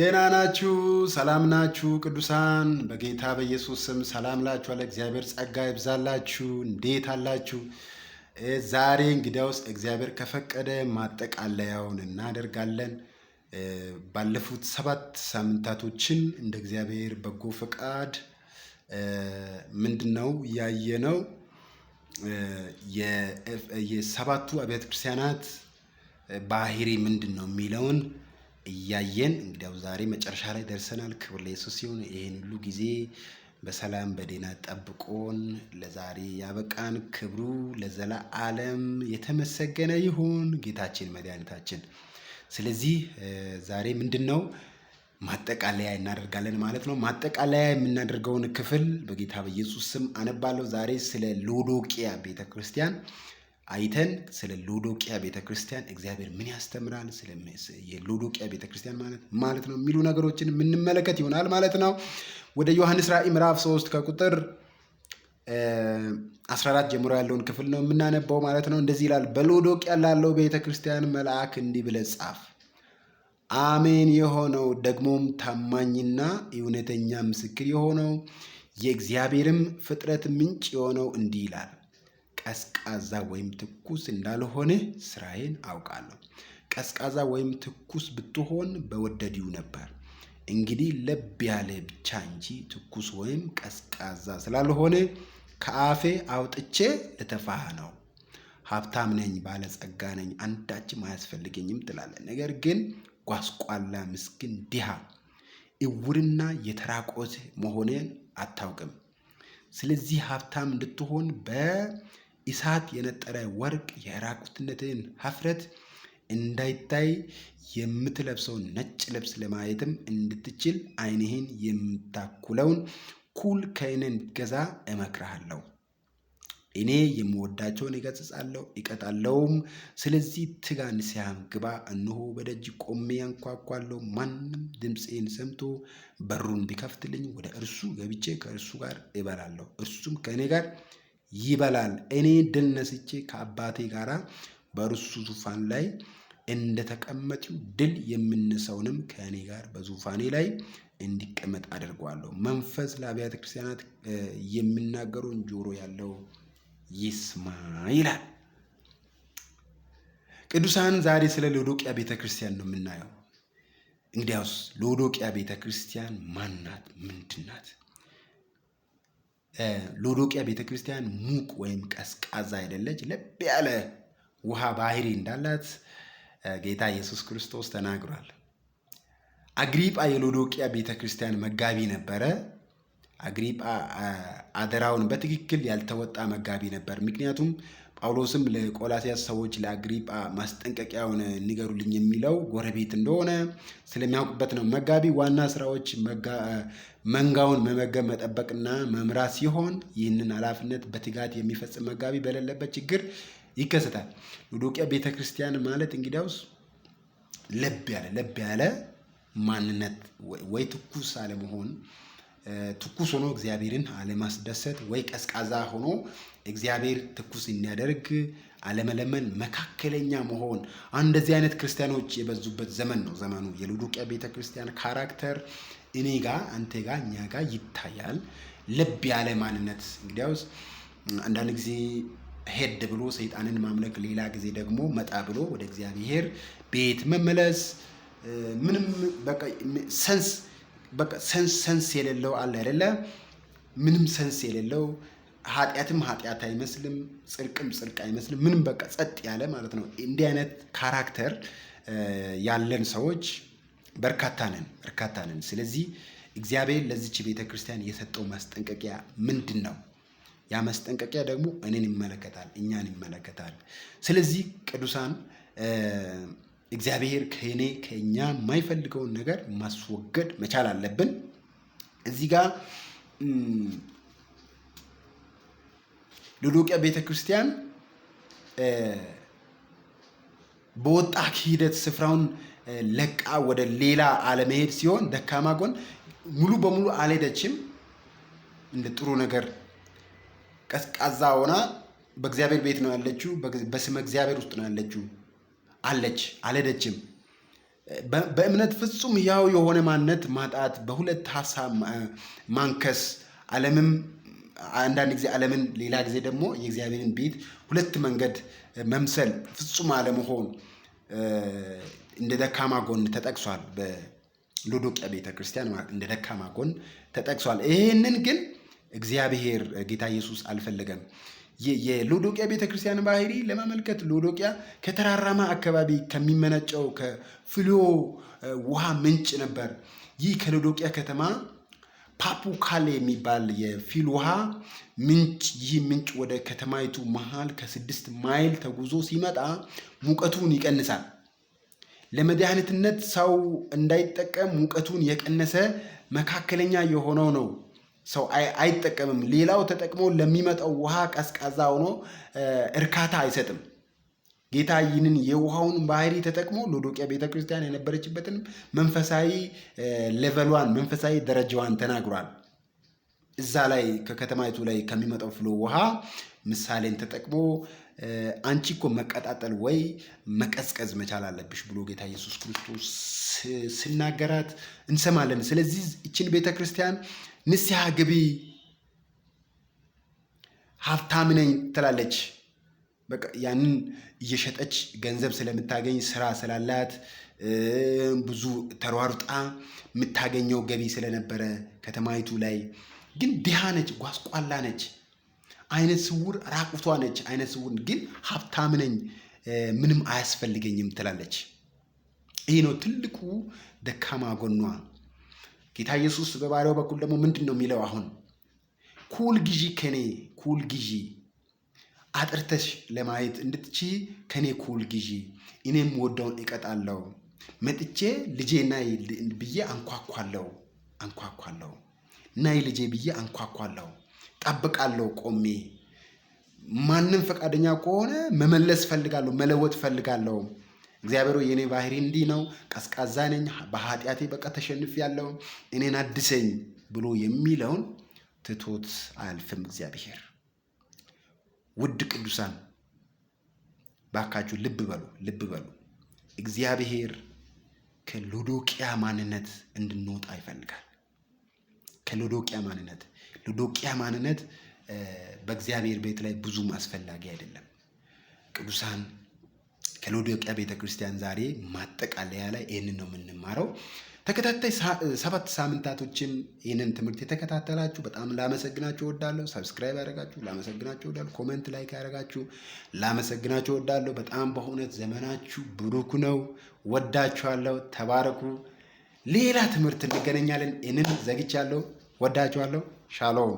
ጤና ናችሁ፣ ሰላም ናችሁ ቅዱሳን። በጌታ በኢየሱስ ስም ሰላም ላችኋል። እግዚአብሔር ጸጋ ይብዛላችሁ። እንዴት አላችሁ? ዛሬ እንግዲያውስ እግዚአብሔር ከፈቀደ ማጠቃለያውን እናደርጋለን። ባለፉት ሰባት ሳምንታቶችን እንደ እግዚአብሔር በጎ ፈቃድ ምንድን ነው ያየነው? የሰባቱ አብያተ ክርስቲያናት ባህሪ ምንድን ነው የሚለውን እያየን እንግዲያው ዛሬ መጨረሻ ላይ ደርሰናል። ክብር ለኢየሱስ ሲሆን ይህን ሁሉ ጊዜ በሰላም በዴና ጠብቆን ለዛሬ ያበቃን ክብሩ ለዘላለም የተመሰገነ ይሁን ጌታችን መድኃኒታችን። ስለዚህ ዛሬ ምንድን ነው ማጠቃለያ እናደርጋለን ማለት ነው። ማጠቃለያ የምናደርገውን ክፍል በጌታ በኢየሱስ ስም አነባለሁ። ዛሬ ስለ ሎዶቅያ ቤተክርስቲያን አይተን ስለ ሎዶቅያ ቤተክርስቲያን እግዚአብሔር ምን ያስተምራል፣ የሎዶቅያ ቤተክርስቲያን ማለት ማለት ነው የሚሉ ነገሮችን የምንመለከት ይሆናል ማለት ነው። ወደ ዮሐንስ ራእይ ምዕራፍ ሶስት ከቁጥር 14 ጀምሮ ያለውን ክፍል ነው የምናነበው ማለት ነው። እንደዚህ ይላል፣ በሎዶቅያ ላለው ቤተክርስቲያን መልአክ እንዲህ ብለ ጻፍ አሜን የሆነው ደግሞም ታማኝና እውነተኛ ምስክር የሆነው የእግዚአብሔርም ፍጥረት ምንጭ የሆነው እንዲህ ይላል ቀዝቃዛ ወይም ትኩስ እንዳልሆነ ስራዬን አውቃለሁ። ቀዝቃዛ ወይም ትኩስ ብትሆን በወደዲው ነበር። እንግዲህ ለብ ያለ ብቻ እንጂ ትኩስ ወይም ቀዝቃዛ ስላልሆነ ከአፌ አውጥቼ ልተፋህ ነው። ሀብታም ነኝ ባለጸጋ ነኝ አንዳችም አያስፈልገኝም ትላለህ ነገር ግን ጓስቋላ ምስኪን ድሃ እውርና የተራቆት መሆኔን አታውቅም። ስለዚህ ሀብታም እንድትሆን በ እሳት የነጠረ ወርቅ የራቁትነትን ሀፍረት እንዳይታይ የምትለብሰውን ነጭ ልብስ ለማየትም እንድትችል ዓይንህን የምታኩለውን ኩል ከዓይን እንድትገዛ እመክርሃለሁ። እኔ የምወዳቸውን እገሥጻለሁ እቀጣለሁም። ስለዚህ ትጋ፣ ንስሐም ግባ። እነሆ በደጅ ቆሜ አንኳኳለሁ። ማንም ድምፄን ሰምቶ በሩን ቢከፍትልኝ ወደ እርሱ ገብቼ ከእርሱ ጋር እበላለሁ፣ እርሱም ከእኔ ጋር ይበላል። እኔ ድል ነስቼ ከአባቴ ጋር በእርሱ ዙፋን ላይ እንደተቀመጥሁ ድል የምነሳውንም ከእኔ ጋር በዙፋኔ ላይ እንዲቀመጥ አድርጓለሁ። መንፈስ ለአብያተ ክርስቲያናት የሚናገረውን ጆሮ ያለው ይስማ ይላል። ቅዱሳን ዛሬ ስለ ሎዶቅያ ቤተ ክርስቲያን ነው የምናየው። እንግዲያውስ ሎዶቅያ ቤተ ክርስቲያን ማን ናት? ሎዶቅያ ቤተክርስቲያን ሙቅ ወይም ቀዝቃዛ አይደለች፣ ለብ ያለ ውሃ ባህሪ እንዳላት ጌታ ኢየሱስ ክርስቶስ ተናግሯል። አግሪጳ የሎዶቅያ ቤተክርስቲያን መጋቢ ነበረ። አግሪጳ አደራውን በትክክል ያልተወጣ መጋቢ ነበር። ምክንያቱም ጳውሎስም ለቆላሲያስ ሰዎች ለአግሪጳ ማስጠንቀቂያውን ንገሩልኝ የሚለው ጎረቤት እንደሆነ ስለሚያውቅበት ነው። መጋቢ ዋና ስራዎች መንጋውን መመገብ፣ መጠበቅና መምራት ሲሆን ይህንን ኃላፊነት በትጋት የሚፈጽም መጋቢ በሌለበት ችግር ይከሰታል። ሎዶቅያ ቤተ ክርስቲያን ማለት እንግዲያውስ ለብ ያለ ለብ ያለ ማንነት ወይ ትኩስ አለመሆን ትኩስ ሆኖ እግዚአብሔርን አለማስደሰት ወይ ቀዝቃዛ ሆኖ እግዚአብሔር ትኩስ እንዲያደርግ አለመለመን፣ መካከለኛ መሆን እንደዚህ አይነት ክርስቲያኖች የበዙበት ዘመን ነው። ዘመኑ የሉዱቅያ ቤተክርስቲያን ካራክተር እኔ ጋ አንተ ጋ እኛ ጋ ይታያል። ልብ ያለ ማንነት እንግዲያውስ አንዳንድ ጊዜ ሄድ ብሎ ሰይጣንን ማምለክ፣ ሌላ ጊዜ ደግሞ መጣ ብሎ ወደ እግዚአብሔር ቤት መመለስ ምንም በቃ ሰንስ በቃ ሰንስ ሰንስ የሌለው አለ አይደለ? ምንም ሰንስ የሌለው ኃጢአትም ኃጢአት አይመስልም፣ ጽድቅም ጽድቅ አይመስልም። ምንም በቃ ጸጥ ያለ ማለት ነው። እንዲህ አይነት ካራክተር ያለን ሰዎች በርካታ ነን፣ በርካታ ነን። ስለዚህ እግዚአብሔር ለዚች ቤተ ክርስቲያን የሰጠው ማስጠንቀቂያ ምንድን ነው? ያ ማስጠንቀቂያ ደግሞ እኔን ይመለከታል፣ እኛን ይመለከታል። ስለዚህ ቅዱሳን እግዚአብሔር ከእኔ ከእኛ የማይፈልገውን ነገር ማስወገድ መቻል አለብን። እዚህ ጋር ሎዶቅያ ቤተ ክርስቲያን በወጣ ሂደት ስፍራውን ለቃ ወደ ሌላ አለመሄድ ሲሆን ደካማ ጎን ሙሉ በሙሉ አልሄደችም። እንደ ጥሩ ነገር ቀዝቃዛ ሆና በእግዚአብሔር ቤት ነው ያለችው። በስመ እግዚአብሔር ውስጥ ነው ያለችው። አለች፣ አልሄደችም። በእምነት ፍጹም ያው የሆነ ማንነት ማጣት፣ በሁለት ሀሳብ ማንከስ፣ ዓለምም አንዳንድ ጊዜ ዓለምን ሌላ ጊዜ ደግሞ የእግዚአብሔርን ቤት ሁለት መንገድ መምሰል፣ ፍጹም አለመሆን እንደ ደካማ ጎን ተጠቅሷል። በሎዶቅያ ቤተክርስቲያን እንደ ደካማ ጎን ተጠቅሷል። ይህንን ግን እግዚአብሔር ጌታ ኢየሱስ አልፈለገም። የሎዶቅያ ቤተክርስቲያን ባህሪ ለማመልከት ሎዶቅያ ከተራራማ አካባቢ ከሚመነጨው ከፍልዮ ውሃ ምንጭ ነበር። ይህ ከሎዶቅያ ከተማ ፓፑካሌ የሚባል የፊል ውሃ ምንጭ ይህ ምንጭ ወደ ከተማይቱ መሃል ከስድስት ማይል ተጉዞ ሲመጣ ሙቀቱን ይቀንሳል። ለመድኃኒትነት ሰው እንዳይጠቀም ሙቀቱን የቀነሰ መካከለኛ የሆነው ነው። ሰው አይጠቀምም። ሌላው ተጠቅሞ ለሚመጣው ውሃ ቀዝቃዛ ሆኖ እርካታ አይሰጥም። ጌታ ይህንን የውሃውን ባህሪ ተጠቅሞ ሎዶቅያ ቤተክርስቲያን የነበረችበትን መንፈሳዊ ሌቨሏን መንፈሳዊ ደረጃዋን ተናግሯል። እዛ ላይ ከከተማይቱ ላይ ከሚመጣው ፍሎ ውሃ ምሳሌን ተጠቅሞ አንቺ እኮ መቀጣጠል ወይ መቀዝቀዝ መቻል አለብሽ ብሎ ጌታ ኢየሱስ ክርስቶስ ስናገራት እንሰማለን። ስለዚህ ይችን ቤተ ክርስቲያን ንስሐ ግቢ፣ ሀብታም ነኝ ትላለች። ያንን እየሸጠች ገንዘብ ስለምታገኝ ስራ ስላላት ብዙ ተሯሩጣ የምታገኘው ገቢ ስለነበረ ከተማይቱ ላይ ግን ድሃ ነች፣ ጓስቋላ ነች፣ አይነ ስውር ራቁቷ ነች። አይነ ስውር ግን ሀብታም ነኝ ምንም አያስፈልገኝም ትላለች። ይህ ነው ትልቁ ደካማ ጎኗ። ጌታ ኢየሱስ በባሪያው በኩል ደግሞ ምንድን ነው የሚለው? አሁን ኩል ግዢ ከኔ ኩል ግዢ አጥርተሽ ለማየት እንድትች ከኔ ኩል ግዢ፣ እኔም ወደውን እቀጣለሁ፣ መጥቼ ልጄና ብዬ አንኳኳለሁ አንኳኳለሁ ናይ ልጄ ብዬ አንኳኳለሁ። ጠብቃለሁ ቆሜ ማንም ፈቃደኛ ከሆነ መመለስ ፈልጋለሁ፣ መለወጥ ፈልጋለሁ። እግዚአብሔር የእኔ ባህሪ እንዲህ ነው፣ ቀዝቃዛ ነኝ፣ በኃጢአቴ በቃ ተሸንፍ ያለው እኔን አድሰኝ ብሎ የሚለውን ትቶት አያልፍም እግዚአብሔር። ውድ ቅዱሳን ባካችሁ ልብ በሉ፣ ልብ በሉ። እግዚአብሔር ከሎዶቅያ ማንነት እንድንወጣ ይፈልጋል። ከሎዶቅያ ማንነት ሎዶቅያ ማንነት በእግዚአብሔር ቤት ላይ ብዙም አስፈላጊ አይደለም። ቅዱሳን ከሎዶቅያ ቤተ ክርስቲያን ዛሬ ማጠቃለያ ላይ ይህንን ነው የምንማረው። ተከታታይ ሰባት ሳምንታቶችም ይህንን ትምህርት የተከታተላችሁ በጣም ላመሰግናችሁ እወዳለሁ። ሰብስክራይብ ያደረጋችሁ ላመሰግናችሁ እወዳለሁ። ኮመንት ላይክ ያደረጋችሁ ላመሰግናችሁ እወዳለሁ። በጣም በእውነት ዘመናችሁ ብሩክ ነው። ወዳችኋለሁ። ተባረኩ። ሌላ ትምህርት እንገናኛለን። ይህንን ዘግቻለሁ። ወዳችኋለሁ። ሻሎም